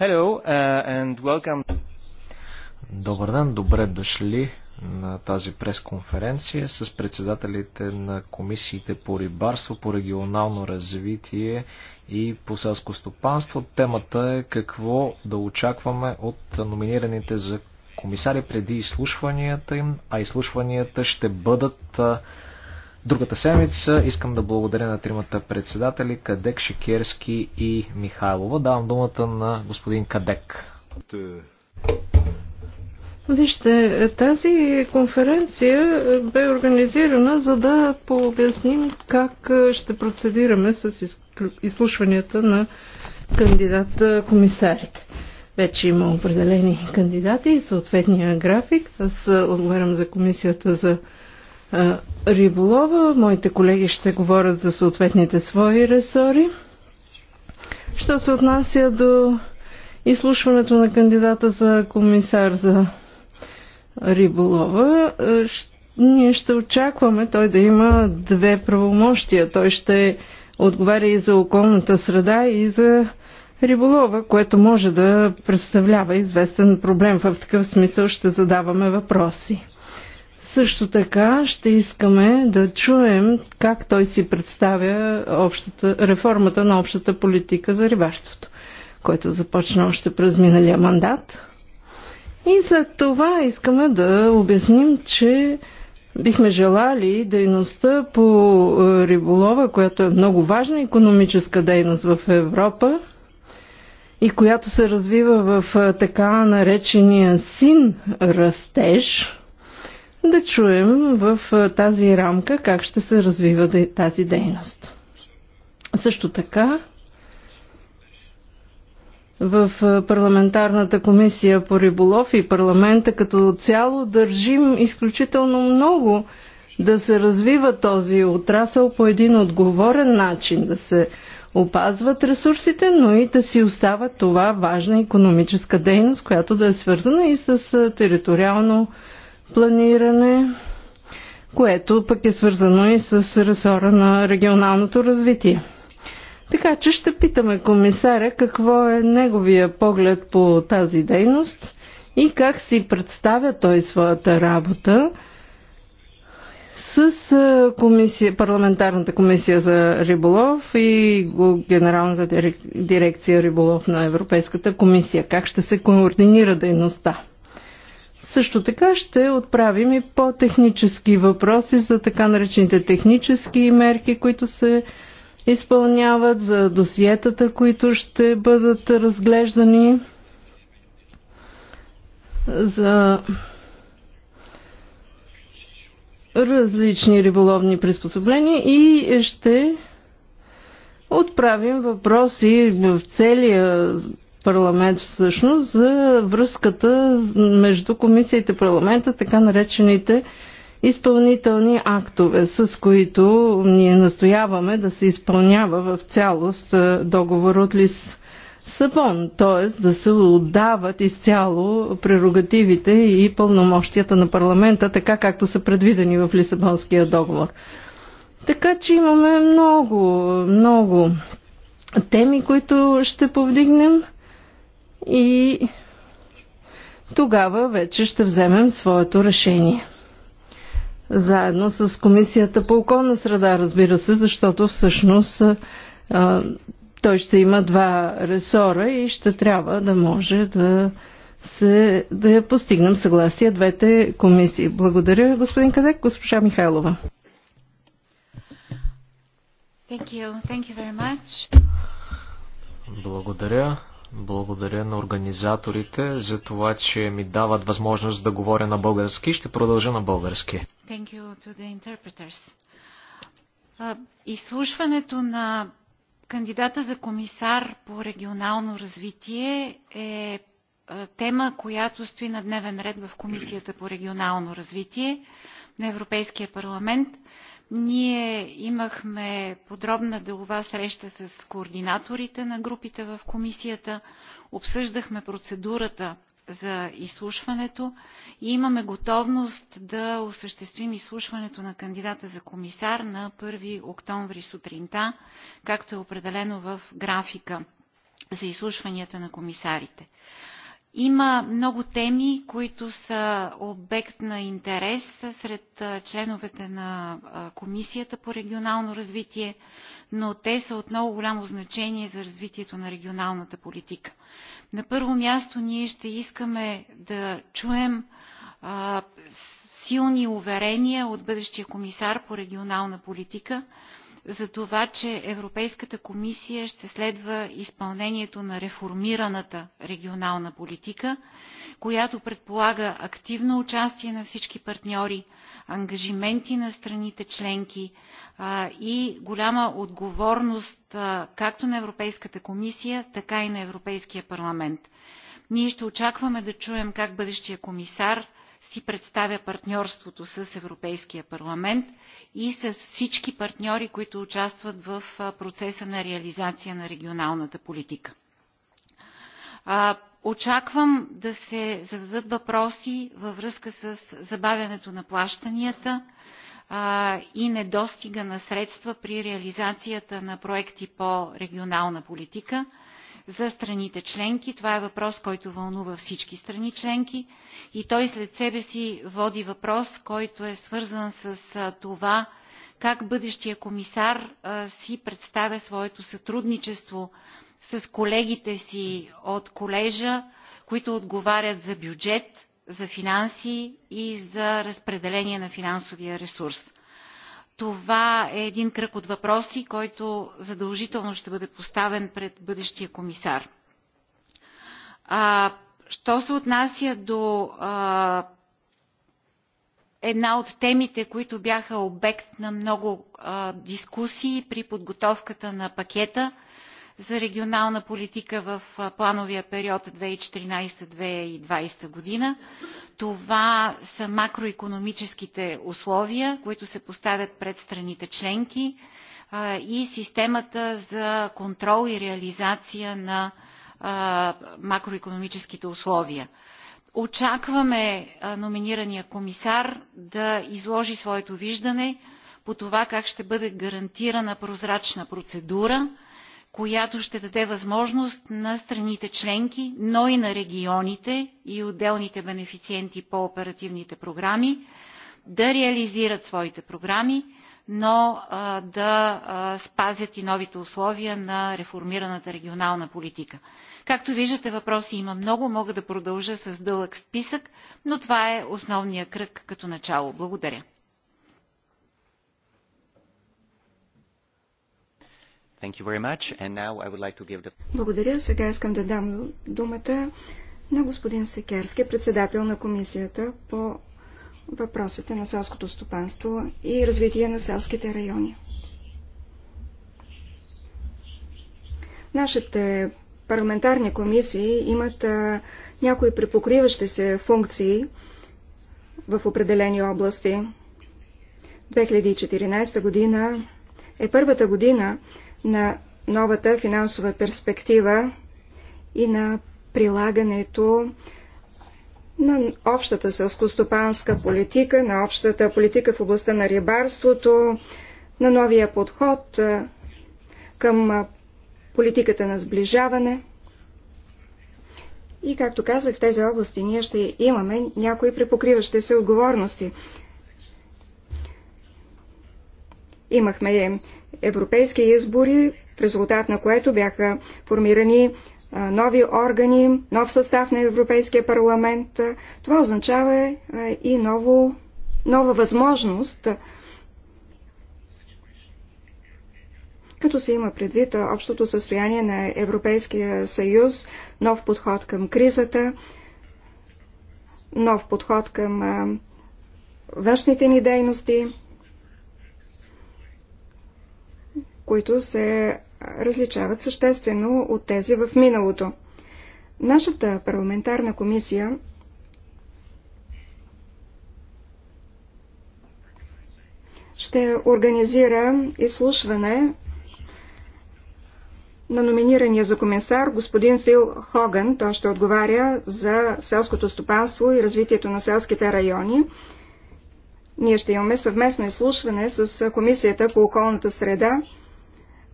Hello, uh, and welcome. Добър ден, добре дошли на тази пресконференция с председателите на комисиите по рибарство, по регионално развитие и по селско стопанство. Темата е какво да очакваме от номинираните за комисари преди изслушванията им, а изслушванията ще бъдат другата седмица. Искам да благодаря на тримата председатели Кадек, Шекерски и Михайлова. Давам думата на господин Кадек. Вижте, тази конференция бе организирана за да пообясним как ще процедираме с изслушванията на кандидата комисарите. Вече има определени кандидати и съответния график. Аз отговарям за комисията за риболова. Моите колеги ще говорят за съответните свои ресори. Що се отнася до изслушването на кандидата за комисар за риболова, ние ще очакваме той да има две правомощия. Той ще отговаря и за околната среда, и за риболова, което може да представлява известен проблем. В такъв смисъл ще задаваме въпроси. Също така ще искаме да чуем как той си представя общата, реформата на общата политика за рибарството, което започна още през миналия мандат. И след това искаме да обясним, че бихме желали дейността по риболова, която е много важна економическа дейност в Европа и която се развива в така наречения син растеж – да чуем в тази рамка как ще се развива тази дейност. Също така, в парламентарната комисия по риболов и парламента като цяло държим изключително много да се развива този отрасъл по един отговорен начин, да се опазват ресурсите, но и да си остава това важна економическа дейност, която да е свързана и с териториално планиране, което пък е свързано и с ресора на регионалното развитие. Така че ще питаме комисаря какво е неговия поглед по тази дейност и как си представя той своята работа с комисия, парламентарната комисия за риболов и генералната дирекция риболов на Европейската комисия. Как ще се координира дейността? Също така ще отправим и по-технически въпроси за така наречените технически мерки, които се изпълняват, за досиетата, които ще бъдат разглеждани, за различни риболовни приспособления и ще отправим въпроси в целия парламент всъщност за връзката между комисията и парламента, така наречените изпълнителни актове, с които ние настояваме да се изпълнява в цялост договор от ЛИС. Сабон, т.е. да се отдават изцяло прерогативите и пълномощията на парламента, така както са предвидени в Лисабонския договор. Така че имаме много, много теми, които ще повдигнем и тогава вече ще вземем своето решение. Заедно с Комисията по околна среда, разбира се, защото всъщност а, той ще има два ресора и ще трябва да може да, се, да постигнем съгласие двете комисии. Благодаря, господин Кадек, госпожа Михайлова. Thank you. Thank you very much. Благодаря. Благодаря на организаторите за това, че ми дават възможност да говоря на български. Ще продължа на български. Изслушването на кандидата за комисар по регионално развитие е тема, която стои на дневен ред в Комисията по регионално развитие на Европейския парламент. Ние имахме подробна делова среща с координаторите на групите в комисията, обсъждахме процедурата за изслушването и имаме готовност да осъществим изслушването на кандидата за комисар на 1 октомври сутринта, както е определено в графика за изслушванията на комисарите. Има много теми, които са обект на интерес сред членовете на Комисията по регионално развитие, но те са от много голямо значение за развитието на регионалната политика. На първо място ние ще искаме да чуем силни уверения от бъдещия комисар по регионална политика, за това, че Европейската комисия ще следва изпълнението на реформираната регионална политика, която предполага активно участие на всички партньори, ангажименти на страните членки а, и голяма отговорност а, както на Европейската комисия, така и на Европейския парламент. Ние ще очакваме да чуем как бъдещия комисар – си представя партньорството с Европейския парламент и с всички партньори, които участват в процеса на реализация на регионалната политика. Очаквам да се зададат въпроси във връзка с забавянето на плащанията и недостига на средства при реализацията на проекти по регионална политика – за страните членки. Това е въпрос, който вълнува всички страни членки и той след себе си води въпрос, който е свързан с това как бъдещия комисар си представя своето сътрудничество с колегите си от колежа, които отговарят за бюджет, за финанси и за разпределение на финансовия ресурс. Това е един кръг от въпроси, който задължително ще бъде поставен пред бъдещия комисар. А, що се отнася до а, една от темите, които бяха обект на много а, дискусии при подготовката на пакета – за регионална политика в плановия период 2014-2020 година. Това са макроекономическите условия, които се поставят пред страните членки и системата за контрол и реализация на макроекономическите условия. Очакваме номинирания комисар да изложи своето виждане по това как ще бъде гарантирана прозрачна процедура, която ще даде възможност на страните членки, но и на регионите и отделните бенефициенти по оперативните програми да реализират своите програми, но а, да а, спазят и новите условия на реформираната регионална политика. Както виждате, въпроси има много, мога да продължа с дълъг списък, но това е основния кръг като начало. Благодаря. Thank you very much. And now I would like to give the... Благодаря. Сега искам да дам думата на господин Секерски, председател на комисията по въпросите на селското стопанство и развитие на селските райони. Нашите парламентарни комисии имат а, някои препокриващи се функции в определени области. 2014 година е първата година, на новата финансова перспектива и на прилагането на общата селскостопанска политика, на общата политика в областта на рибарството, на новия подход към политиката на сближаване. И, както казах, в тези области ние ще имаме някои препокриващи се отговорности. Имахме европейски избори, в резултат на което бяха формирани нови органи, нов състав на Европейския парламент. Това означава и ново, нова възможност, като се има предвид общото състояние на Европейския съюз, нов подход към кризата, нов подход към външните ни дейности. които се различават съществено от тези в миналото. Нашата парламентарна комисия ще организира изслушване на номинирания за комисар господин Фил Хоган. Той ще отговаря за селското стопанство и развитието на селските райони. Ние ще имаме съвместно изслушване с Комисията по околната среда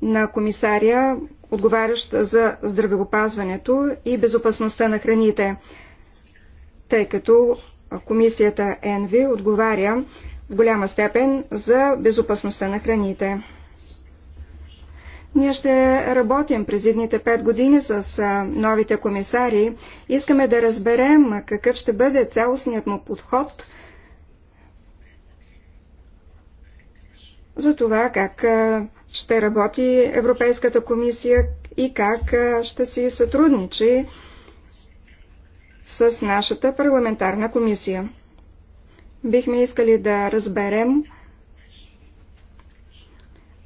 на комисаря, отговарящ за здравеопазването и безопасността на храните, тъй като комисията ЕНВИ отговаря в голяма степен за безопасността на храните. Ние ще работим през едните пет години с новите комисари. Искаме да разберем какъв ще бъде цялостният му подход за това как ще работи Европейската комисия и как ще си сътрудничи с нашата парламентарна комисия. Бихме искали да разберем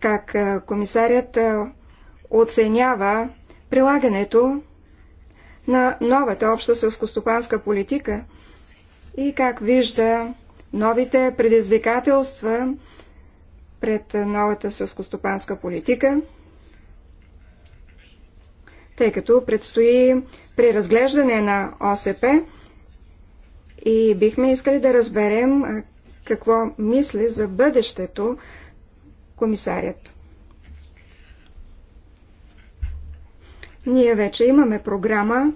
как комисарят оценява прилагането на новата обща сълскостопанска политика и как вижда новите предизвикателства, пред новата съскостопанска политика, тъй като предстои преразглеждане на ОСП и бихме искали да разберем какво мисли за бъдещето комисарят. Ние вече имаме програма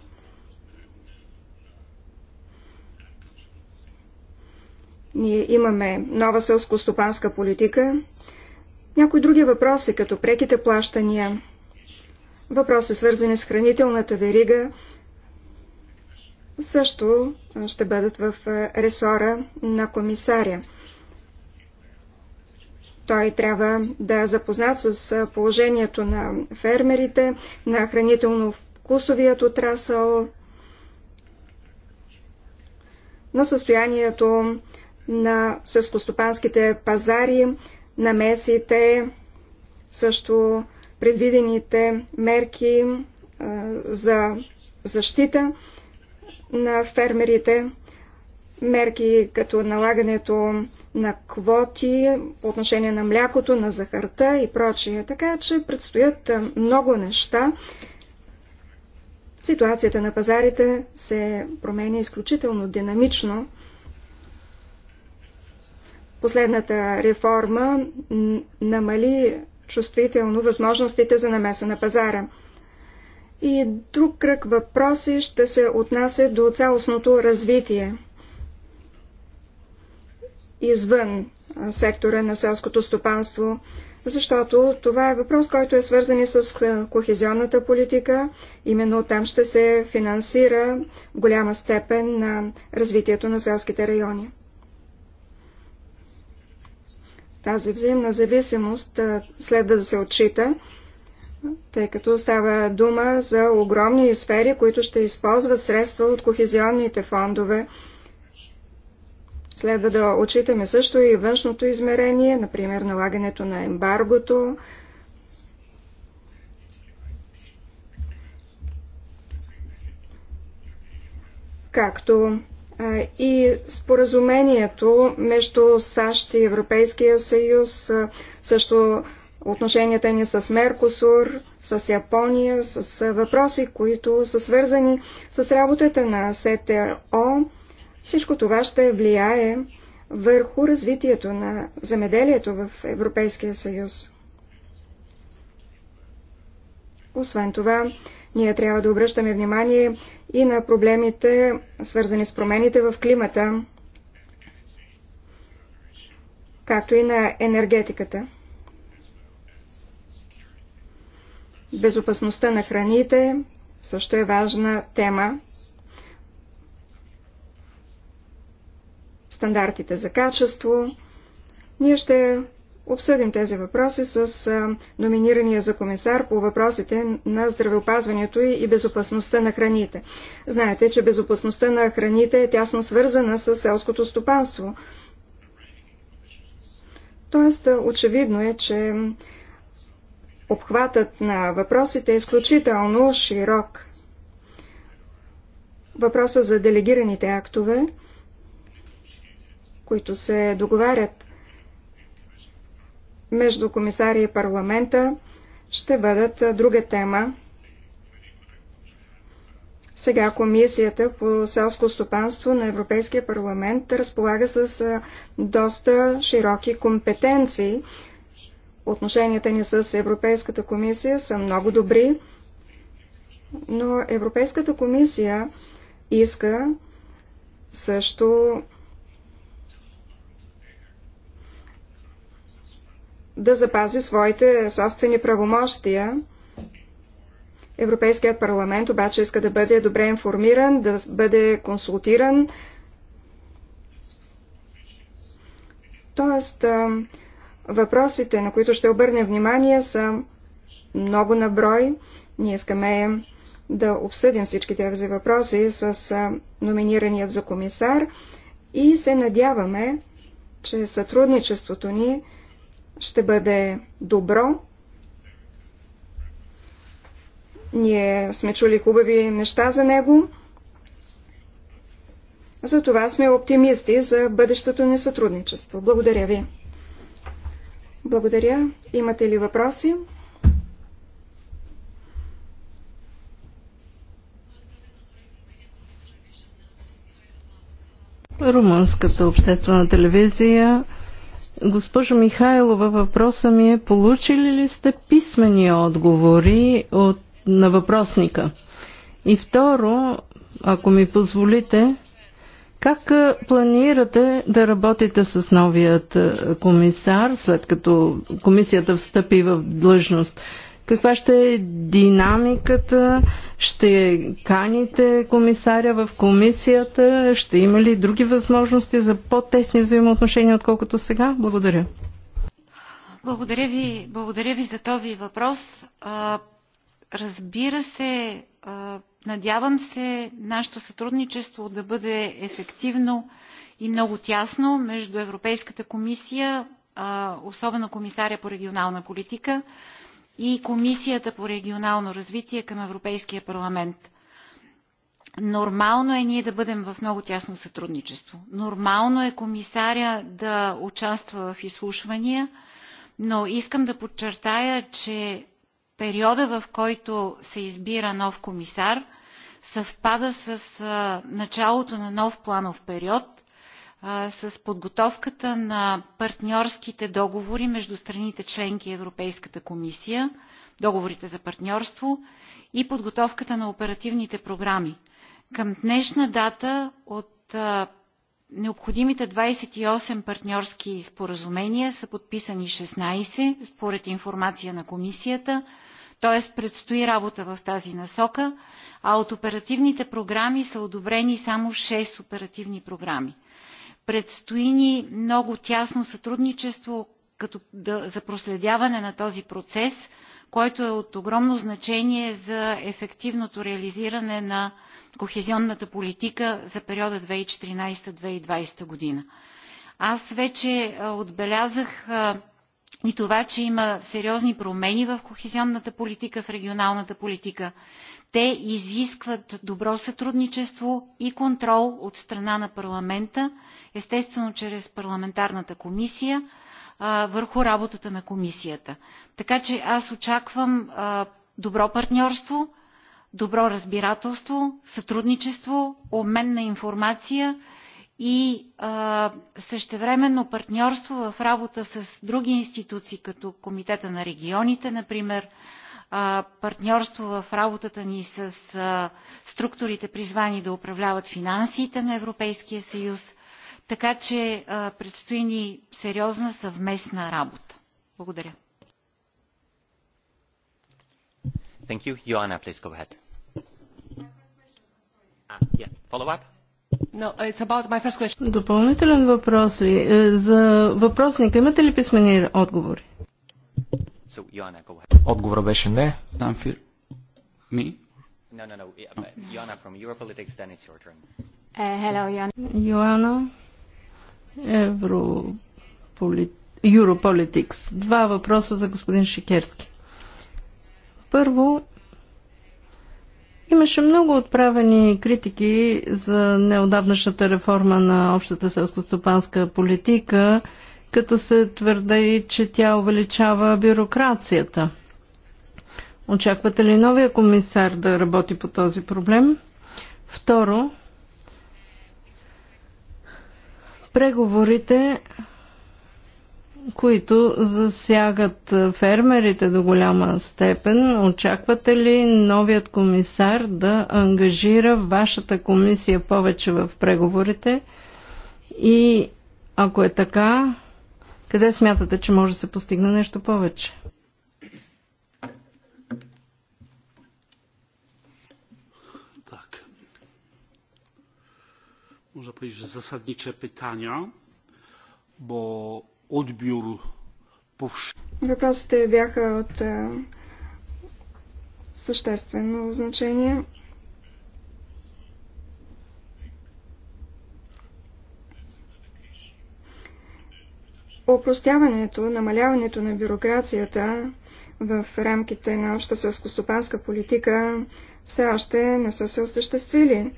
Ние имаме нова селско-стопанска политика. Някои други въпроси, като преките плащания, въпроси свързани с хранителната верига, също ще бъдат в ресора на комисаря. Той трябва да е запознат с положението на фермерите, на хранително-вкусовият отрасъл, на състоянието на съскостопанските пазари, намесите, също предвидените мерки за защита на фермерите, мерки като налагането на квоти по отношение на млякото, на захарта и прочие. Така че предстоят много неща. Ситуацията на пазарите се променя изключително динамично. Последната реформа намали чувствително възможностите за намеса на пазара. И друг кръг въпроси ще се отнася до цялостното развитие извън сектора на селското стопанство, защото това е въпрос, който е свързан и с кохезионната политика. Именно там ще се финансира голяма степен на развитието на селските райони. Тази взаимна зависимост следва да се отчита, тъй като става дума за огромни сфери, които ще използват средства от кохезионните фондове. Следва да отчитаме също и външното измерение, например налагането на ембаргото, както и споразумението между САЩ и Европейския съюз, също отношенията ни с Меркосур, с Япония, с въпроси, които са свързани с работата на СТО. Всичко това ще влияе върху развитието на земеделието в Европейския съюз. Освен това, ние трябва да обръщаме внимание и на проблемите, свързани с промените в климата, както и на енергетиката. Безопасността на храните също е важна тема. Стандартите за качество. Ние ще обсъдим тези въпроси с номинирания за комисар по въпросите на здравеопазването и безопасността на храните. Знаете, че безопасността на храните е тясно свързана с селското стопанство. Тоест, очевидно е, че обхватът на въпросите е изключително широк. Въпроса за делегираните актове, които се договарят между комисария и парламента ще бъдат друга тема. Сега Комисията по селско стопанство на Европейския парламент разполага с доста широки компетенции. Отношенията ни с Европейската комисия са много добри, но Европейската комисия иска също да запази своите собствени правомощия. Европейският парламент обаче иска да бъде добре информиран, да бъде консултиран. Тоест, въпросите, на които ще обърнем внимание, са много на брой. Ние искаме да обсъдим всички тези въпроси с номинираният за комисар и се надяваме, че сътрудничеството ни ще бъде добро. Ние сме чули хубави неща за него. Затова сме оптимисти за бъдещото ни сътрудничество. Благодаря ви. Благодаря. Имате ли въпроси? Румънската обществена телевизия Госпожо Михайлова, въпроса ми е получили ли сте писмени отговори от, на въпросника? И второ, ако ми позволите, как планирате да работите с новият комисар, след като комисията встъпи в длъжност? Каква ще е динамиката? Ще каните комисаря в комисията? Ще има ли други възможности за по-тесни взаимоотношения, отколкото сега? Благодаря. Благодаря ви, благодаря ви за този въпрос. Разбира се, надявам се нашето сътрудничество да бъде ефективно и много тясно между Европейската комисия, особено комисаря по регионална политика, и Комисията по регионално развитие към Европейския парламент. Нормално е ние да бъдем в много тясно сътрудничество. Нормално е комисаря да участва в изслушвания, но искам да подчертая, че периода, в който се избира нов комисар, съвпада с началото на нов планов период с подготовката на партньорските договори между страните членки и Европейската комисия, договорите за партньорство и подготовката на оперативните програми. Към днешна дата от необходимите 28 партньорски споразумения са подписани 16, според информация на комисията, т.е. предстои работа в тази насока, а от оперативните програми са одобрени само 6 оперативни програми. Предстои ни много тясно сътрудничество като да, за проследяване на този процес, който е от огромно значение за ефективното реализиране на кохезионната политика за периода 2014-2020 година. Аз вече отбелязах и това, че има сериозни промени в кохезионната политика, в регионалната политика. Те изискват добро сътрудничество и контрол от страна на парламента, естествено чрез парламентарната комисия, върху работата на комисията. Така че аз очаквам добро партньорство, добро разбирателство, сътрудничество, обмен на информация и а, същевременно партньорство в работа с други институции, като Комитета на регионите, например, партньорство в работата ни с структурите призвани да управляват финансите на Европейския съюз. Така че предстои ни сериозна съвместна работа. Благодаря. Thank you. Joanna, please go ahead. Ah, yeah. Follow up? No, it's about my first question. Допълнителен въпрос ли? Е, за въпросника имате ли писмени отговори? So, Joanna, go ahead. Отговора беше не. Ми? No, no, no. Joanna from Europolitics, then it's your turn. Uh, hello, Joanna. Joanna, Europolitics. Два въпроса за господин Шикерски. Първо, Имаше много отправени критики за неодавнашната реформа на общата селско-стопанска политика, като се твърди, че тя увеличава бюрокрацията. Очаквате ли новия комисар да работи по този проблем? Второ, преговорите, които засягат фермерите до голяма степен, очаквате ли новият комисар да ангажира вашата комисия повече в преговорите? И ако е така, къде смятате, че може да се постигне нещо повече? można powiedzieć, że zasadnicze pytania, bo odbiór Въпросите бяха от съществено значение. Опростяването, намаляването на бюрокрацията в рамките на обща селскостопанска политика все още не са се осъществили.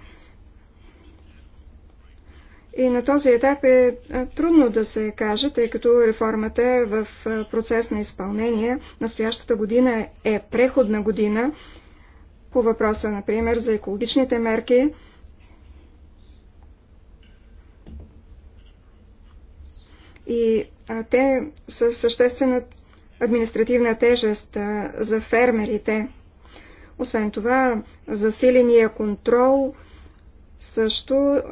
И на този етап е, е трудно да се каже, тъй като реформата е в е, процес на изпълнение. Настоящата година е преходна година по въпроса, например, за екологичните мерки. И те са съществена административна тежест за фермерите. Освен това, засиления контрол също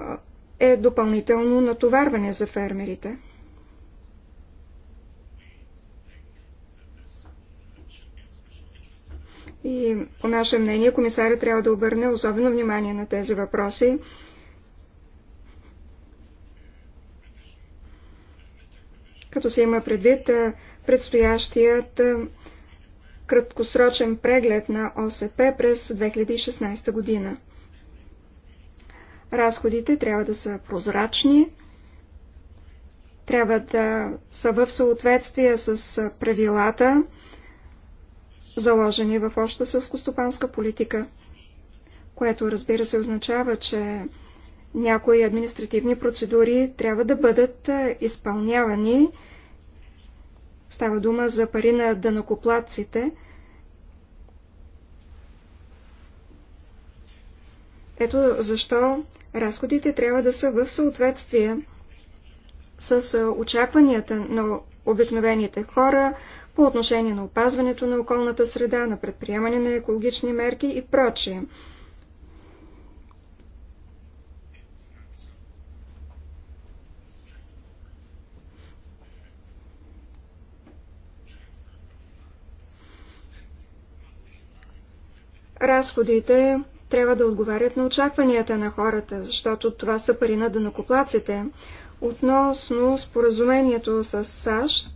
е допълнително натоварване за фермерите. И по наше мнение комисарът трябва да обърне особено внимание на тези въпроси. Като се има предвид предстоящият краткосрочен преглед на ОСП през 2016 година. Разходите трябва да са прозрачни, трябва да са в съответствие с правилата, заложени в обща сълскостопанска политика, което разбира се означава, че някои административни процедури трябва да бъдат изпълнявани. Става дума за пари на дънакоплатците – Ето защо разходите трябва да са в съответствие с очакванията на обикновените хора по отношение на опазването на околната среда, на предприемане на екологични мерки и прочие. Разходите трябва да отговарят на очакванията на хората, защото това са пари на дънакоплаците. Относно споразумението с САЩ,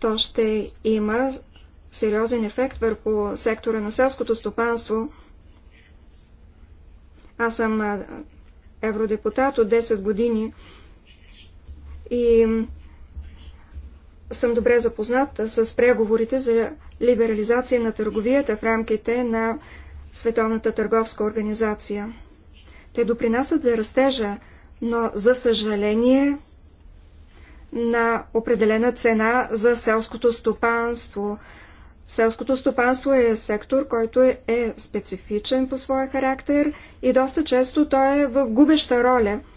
то ще има сериозен ефект върху сектора на селското стопанство. Аз съм евродепутат от 10 години и съм добре запозната с преговорите за либерализация на търговията в рамките на Световната търговска организация. Те допринасят за растежа, но за съжаление на определена цена за селското стопанство. Селското стопанство е сектор, който е, е специфичен по своя характер и доста често той е в губеща роля –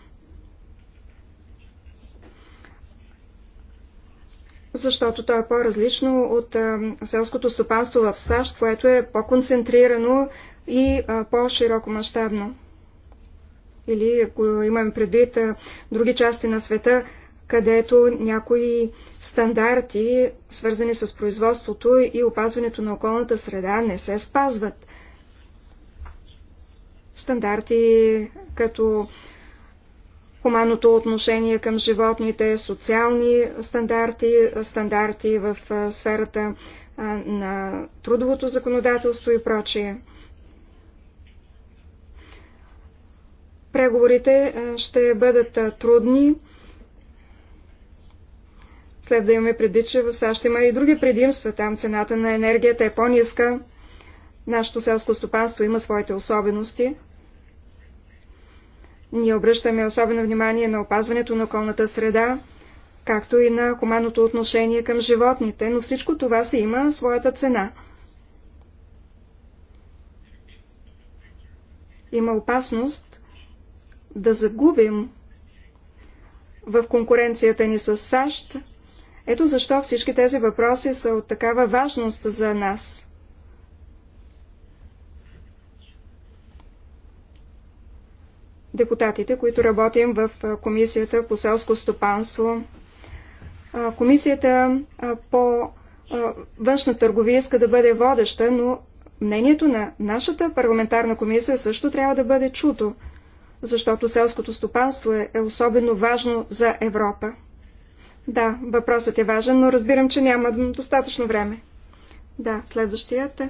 защото то е по-различно от селското стопанство в САЩ, което е по-концентрирано и по-широко мащабно. Или ако имаме предвид други части на света, където някои стандарти, свързани с производството и опазването на околната среда, не се спазват. Стандарти като хуманното отношение към животните, социални стандарти, стандарти в сферата на трудовото законодателство и прочие. Преговорите ще бъдат трудни. След да имаме предвид, че в САЩ има и други предимства. Там цената на енергията е по-ниска. Нашето селско стопанство има своите особености. Ние обръщаме особено внимание на опазването на околната среда, както и на хуманното отношение към животните, но всичко това си има своята цена. Има опасност да загубим в конкуренцията ни с САЩ. Ето защо всички тези въпроси са от такава важност за нас. депутатите, които работим в Комисията по селско стопанство. Комисията по външна търговия иска да бъде водеща, но мнението на нашата парламентарна комисия също трябва да бъде чуто, защото селското стопанство е, е особено важно за Европа. Да, въпросът е важен, но разбирам, че няма достатъчно време. Да, следващият е.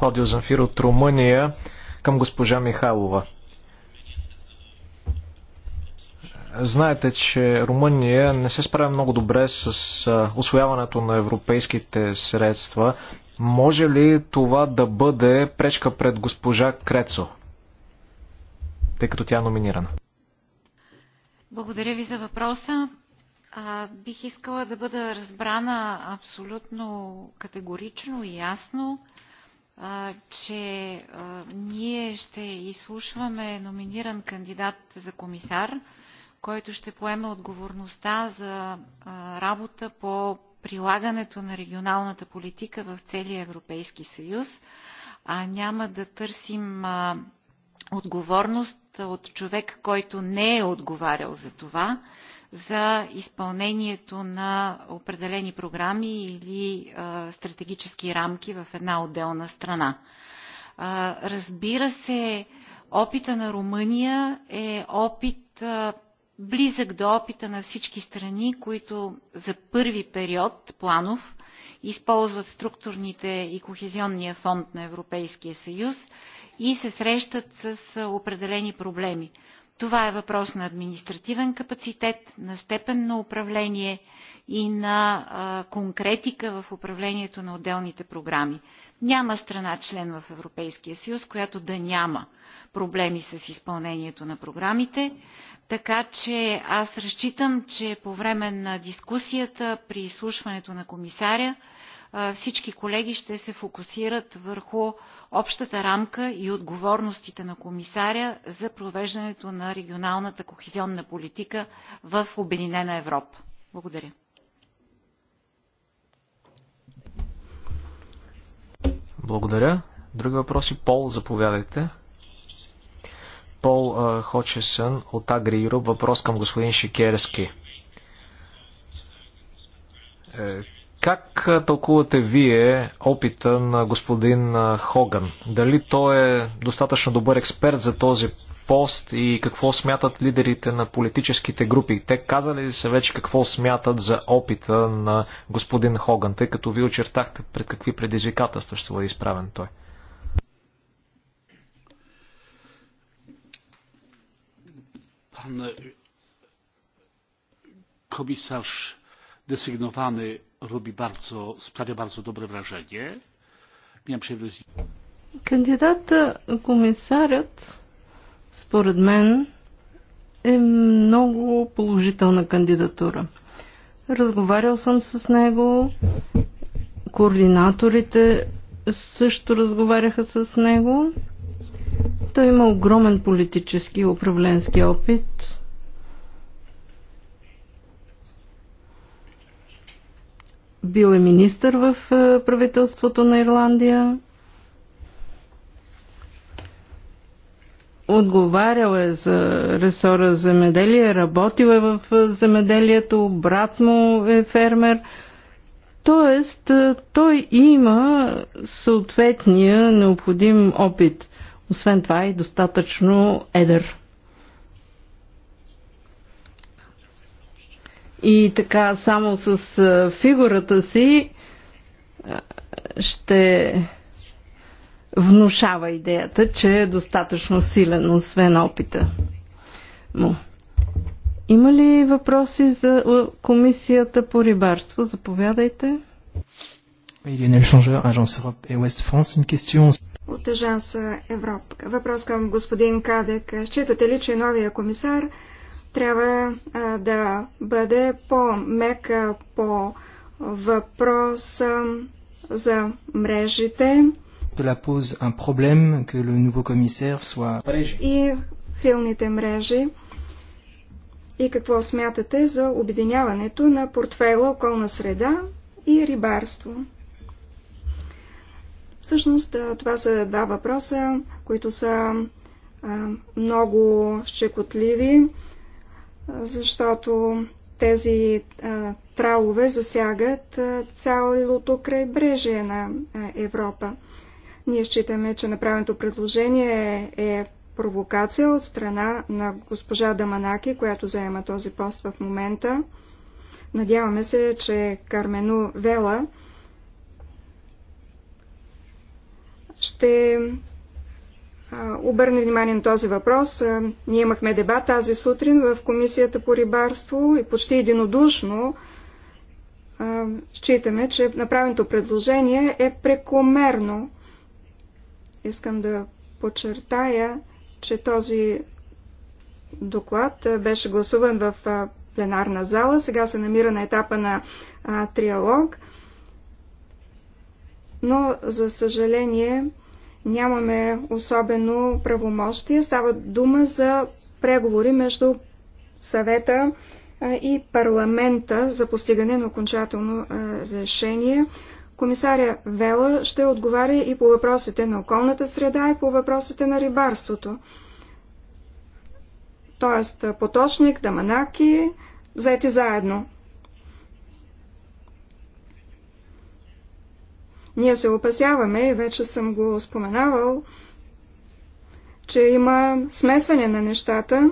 Клаудио Замфир от Румъния към госпожа Михайлова. Знаете, че Румъния не се справя много добре с освояването на европейските средства. Може ли това да бъде пречка пред госпожа Крецо, тъй като тя е номинирана? Благодаря ви за въпроса. А, бих искала да бъда разбрана абсолютно категорично и ясно че ние ще изслушваме номиниран кандидат за комисар, който ще поеме отговорността за работа по прилагането на регионалната политика в целия Европейски съюз, а няма да търсим отговорност от човек, който не е отговарял за това за изпълнението на определени програми или стратегически рамки в една отделна страна. разбира се, опита на Румъния е опит близък до опита на всички страни, които за първи период планов използват структурните и кохезионния фонд на Европейския съюз и се срещат с определени проблеми. Това е въпрос на административен капацитет, на степен на управление и на а, конкретика в управлението на отделните програми. Няма страна член в Европейския съюз, която да няма проблеми с изпълнението на програмите, така че аз разчитам, че по време на дискусията при изслушването на комисаря всички колеги ще се фокусират върху общата рамка и отговорностите на комисаря за провеждането на регионалната кохезионна политика в Обединена Европа. Благодаря. Благодаря. Други въпроси? Пол, заповядайте. Пол а, Хочесън от Агри Юроб. Въпрос към господин Шикерски. Е, как тълкувате вие опита на господин Хоган? Дали той е достатъчно добър експерт за този пост и какво смятат лидерите на политическите групи? Те казали ли се вече какво смятат за опита на господин Хоган, тъй като ви очертахте пред какви предизвикателства ще бъде изправен той? Pan komisarz desygnowany robi bardzo, sprawia bardzo dobre wrażenie. Miałem przyjemność... Кандидата комисарят, според мен, е много положителна кандидатура. Разговарял съм с него, координаторите също разговаряха с него. Той има огромен политически и управленски опит бил е министър в е, правителството на Ирландия. Отговарял е за ресора земеделие, работил е в е, земеделието, брат му е фермер. Тоест, е, той има съответния необходим опит. Освен това е достатъчно едър. и така само с фигурата си ще внушава идеята, че е достатъчно силен, освен опита му. Има ли въпроси за комисията по рибарство? Заповядайте. От Агенс Европа. Въпрос към господин Кадек. Считате ли, че новия комисар трябва да бъде по-мека по въпроса за мрежите. Cela pose un problème que le nouveau commissaire soit... И хилните мрежи. И какво смятате за обединяването на портфейла околна среда и рибарство? Всъщност това са два въпроса, които са а, много щекотливи защото тези а, тралове засягат а, цялото крайбрежие на а, Европа. Ние считаме, че направеното предложение е, е провокация от страна на госпожа Даманаки, която заема този пост в момента. Надяваме се, че Кармену Вела ще обърне внимание на този въпрос. Ние имахме дебат тази сутрин в Комисията по рибарство и почти единодушно считаме, че направеното предложение е прекомерно. Искам да подчертая, че този доклад беше гласуван в пленарна зала. Сега се намира на етапа на триалог. Но, за съжаление, нямаме особено правомощие. Става дума за преговори между съвета и парламента за постигане на окончателно решение. Комисаря Вела ще отговаря и по въпросите на околната среда и по въпросите на рибарството. Тоест поточник, даманаки, заети заедно. Ние се опасяваме, вече съм го споменавал, че има смесване на нещата.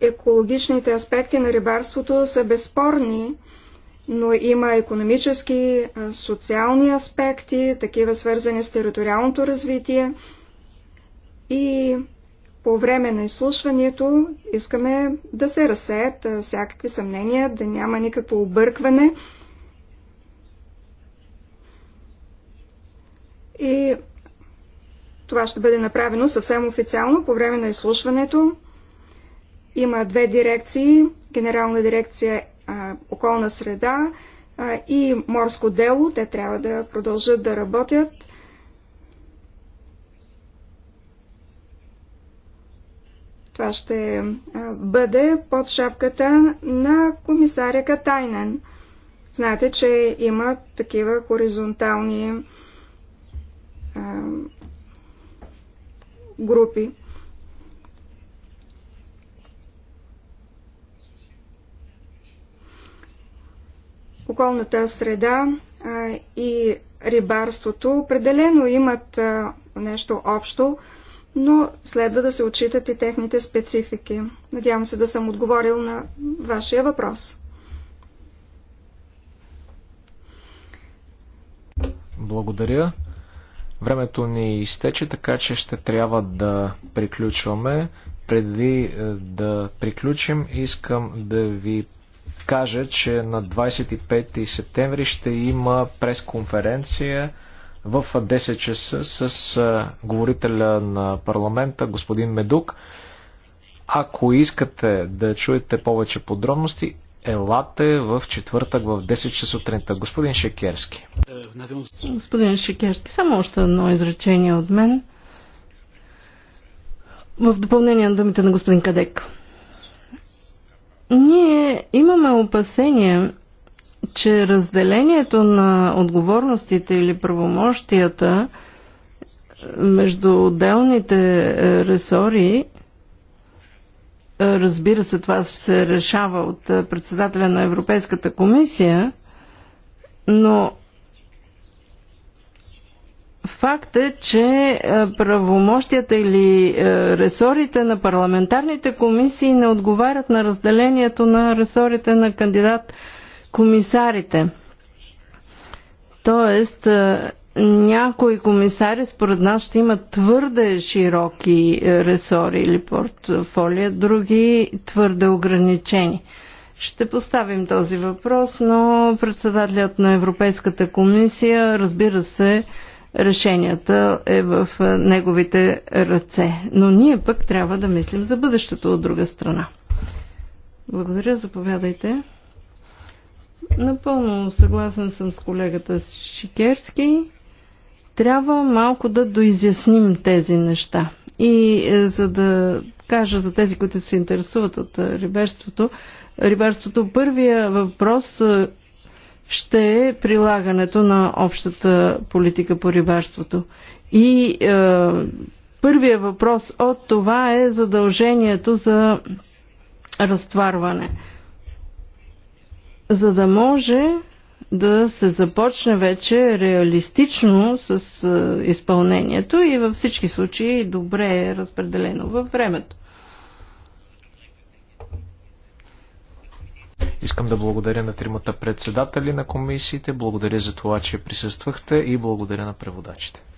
Екологичните аспекти на рибарството са безспорни, но има економически, социални аспекти, такива свързани с териториалното развитие. И по време на изслушването искаме да се разсеят всякакви съмнения, да няма никакво объркване. и това ще бъде направено съвсем официално по време на изслушването. Има две дирекции. Генерална дирекция а, околна среда а, и морско дело. Те трябва да продължат да работят. Това ще бъде под шапката на комисаря Катайнен. Знаете, че има такива хоризонтални групи. Околната среда и рибарството определено имат нещо общо, но следва да се отчитат и техните специфики. Надявам се да съм отговорил на вашия въпрос. Благодаря. Времето ни изтече, така че ще трябва да приключваме. Преди е, да приключим, искам да ви кажа, че на 25 септември ще има пресконференция в 10 часа с е, говорителя на парламента, господин Медук. Ако искате да чуете повече подробности, Елате в четвъртък в 10 часа сутринта. Господин Шекерски. Господин Шекерски, само още едно изречение от мен. В допълнение на думите на господин Кадек. Ние имаме опасение, че разделението на отговорностите или правомощията между отделните е, ресори е, разбира се, това се решава от е, председателя на Европейската комисия, но факт е, че е, правомощията или ресорите на парламентарните комисии не отговарят на разделението на ресорите на кандидат комисарите. Тоест, някои комисари според нас ще имат твърде широки е, ресори или портфолия, други твърде ограничени. Ще поставим този въпрос, но председателят на Европейската комисия, разбира се, решенията е в е, неговите ръце. Но ние пък трябва да мислим за бъдещето от друга страна. Благодаря, заповядайте. Напълно съгласен съм с колегата Шикерски. Трябва малко да доизясним тези неща. И е, за да кажа за тези, които се интересуват от е, рибарството, рибарството първия въпрос е, ще е прилагането на общата политика по рибарството. И е, първия въпрос от това е задължението за разтварване. За да може да се започне вече реалистично с е, изпълнението и във всички случаи добре е разпределено във времето. Искам да благодаря на тримата председатели на комисиите, благодаря за това, че присъствахте и благодаря на преводачите.